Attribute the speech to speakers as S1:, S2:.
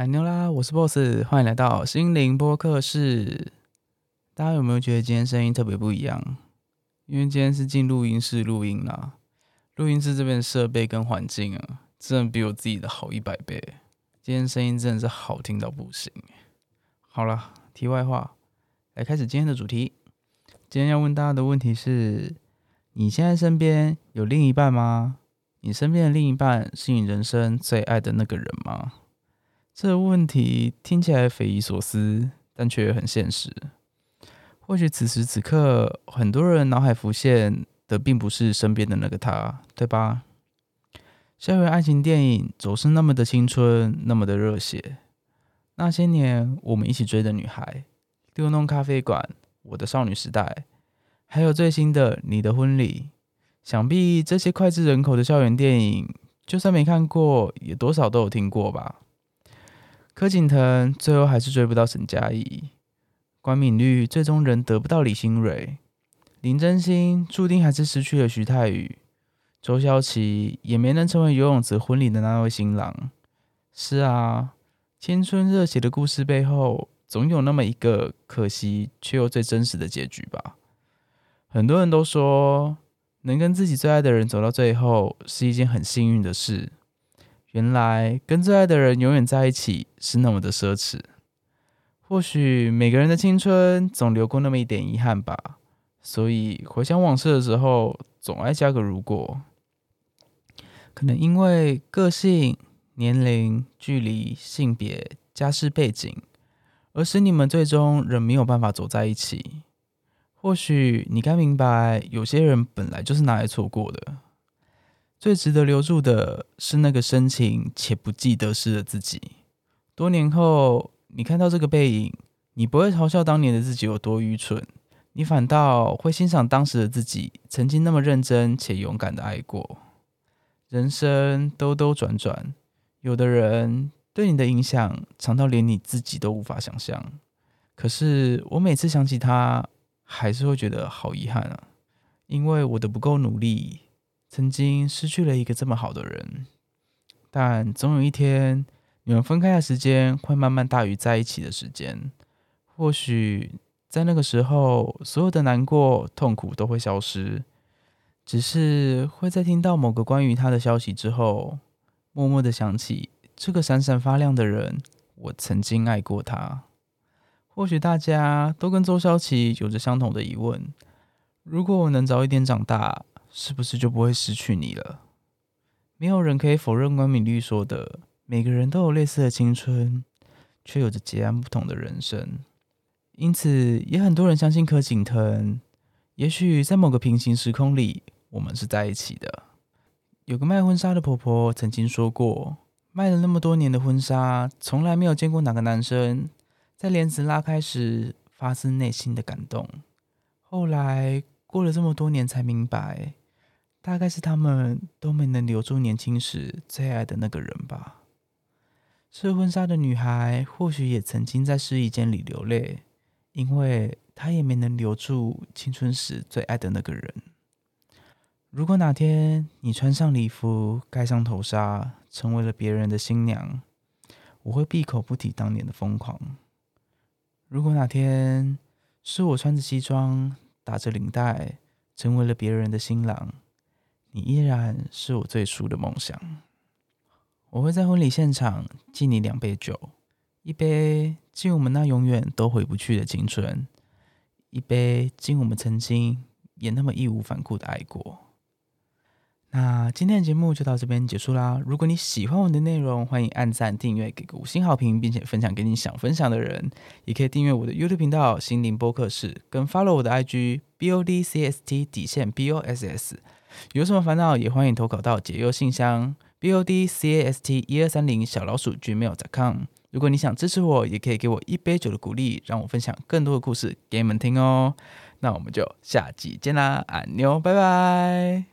S1: 安妞啦，我是 Boss，歡迎來到心靈播客室。大家有沒有覺得今天聲音特別不一樣？因為今天是進錄音室錄音啦。錄音室這邊的設備跟環境啊，真的比我自己的好一百倍。今天聲音真的是好聽到不行。好了，題外話，來開始今天的主題。今天要問大家的問題是：你現在身邊有另一半嗎？你身邊的另一半是你人生最愛的那個人嗎？這個問題聽起來匪夷所思，但卻也很現實。或許此時此刻，很多人腦海浮現的並不是身邊的那個他，對吧？校園愛情電影總是那麼的青春，那麼的熱血。那些年我們一起追的女孩、六弄咖啡館、我的少女時代，還有最新的你的婚禮，想必這些膾炙人口的校園電影，就算沒看過，也多少都有聽過吧。柯景騰最後還是追不到沈佳宜，關閔綠最終仍得不到李心蕊，林真心注定還是失去了徐太宇，周瀟齊也沒能成為游泳池婚禮的那位新郎。是啊，青春熱血的故事背後，總有那麼一個可惜卻又最真實的結局吧。很多人都說，能跟自己最愛的人走到最後，是一件很幸運的事。原來跟最愛的人永遠在一起是那麼的奢侈，或許每個人的青春總留過那麼一點遺憾吧，所以回想往事的時候，總愛加個如果。可能因為個性、年齡、距離、性別、家世背景，而使你們最終仍沒有辦法走在一起。或許你該明白，有些人本來就是拿來錯過的。最值得留住的是那個深情且不計得失的自己。多年後，你看到這個背影，你不會嘲笑當年的自己有多愚蠢，你反倒會欣賞當時的自己曾經那麼認真且勇敢地愛過。人生兜兜轉轉，有的人對你的影響長到連你自己都無法想象。可是我每次想起他，還是會覺得好遺憾啊，因為我的不夠努力。曾經失去了一個這麼好的人，但總有一天，你們分開的時間會慢慢大於在一起的時間。或許在那個時候，所有的難過、痛苦都會消失，只是會在聽到某個關於他的消息之後，默默的想起這個閃閃發亮的人。我曾經愛過他。或許大家都跟周瀟齊有着相同的疑問：如果我能早一點長大。是不是就不會失去你了？沒有人可以否認關敏律說的，每個人都有類似的青春，卻有着截然不同的人生。因此，也很多人相信柯景騰。也許在某個平行時空裡，我們是在一起的。有個賣婚紗的婆婆曾經說過，賣了那麼多年的婚紗，從來沒有見過哪個男生在簾子拉開時發自內心的感動。後來過了這麼多年，才明白。大概是他們都沒能留住年輕時最愛的那個人吧。試婚紗的女孩或許也曾經在試衣間裡流淚，因為她也沒能留住青春時最愛的那個人。如果哪天你穿上禮服，蓋上頭紗，成為了別人的新娘，我會閉口不提當年的瘋狂。如果哪天是我穿着西裝，打着領帶，成為了別人的新郎。你依然是我最初的夢想。我會在婚禮現場敬你兩杯酒，一杯敬我們那永遠都回不去的青春，一杯敬我們曾經也那麼義無反顧的愛過。那今天的節目就到這邊結束啦。如果你喜歡我的內容，歡迎按贊、訂閱，給個五星好評，並且分享給你想分享的人。也可以訂閱我的 YouTube 頻道“心靈播客室”，跟 follow 我的 IG BODCAST 底線 BOSS。有什麼煩惱，也歡迎投稿到解憂信箱 BODCAST 一二三零小老鼠 gmail.com。如果你想支持我，也可以給我一杯酒的鼓勵，讓我分享更多的故事給你們聽哦。那我們就下集見啦，愛你喲，拜拜。